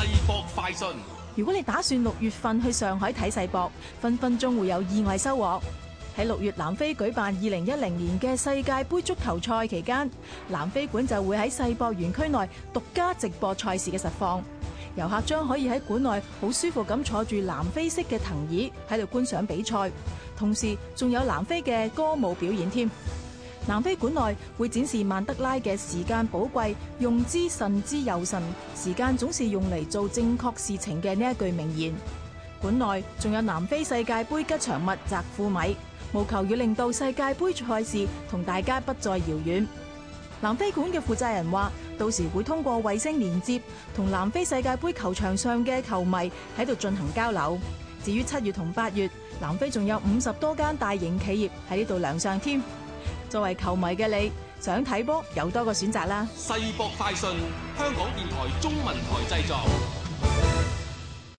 世博快訊：如果你打算六月份去上海睇世博，分分鐘會有意外收穫。喺六月南非舉辦二零一零年嘅世界盃足球賽期間，南非館就會喺世博園區內獨家直播賽事嘅實況，遊客將可以喺館內好舒服咁坐住南非式嘅藤椅喺度觀賞比賽，同時仲有南非嘅歌舞表演添。南非館內會展示曼德拉嘅“時間寶貴，用之慎之又慎，時間總是用嚟做正確事情嘅”呢一句名言。館內仲有南非世界盃吉祥物扎庫米，務求要令到世界盃賽事同大家不再遙遠。南非館嘅負責人話，到時會通過衛星連接同南非世界盃球場上嘅球迷喺度進行交流。至於七月同八月，南非仲有五十多間大型企業喺呢度亮相添。作為球迷嘅你，想睇波有多個選擇啦。世博快訊，香港電台中文台製作。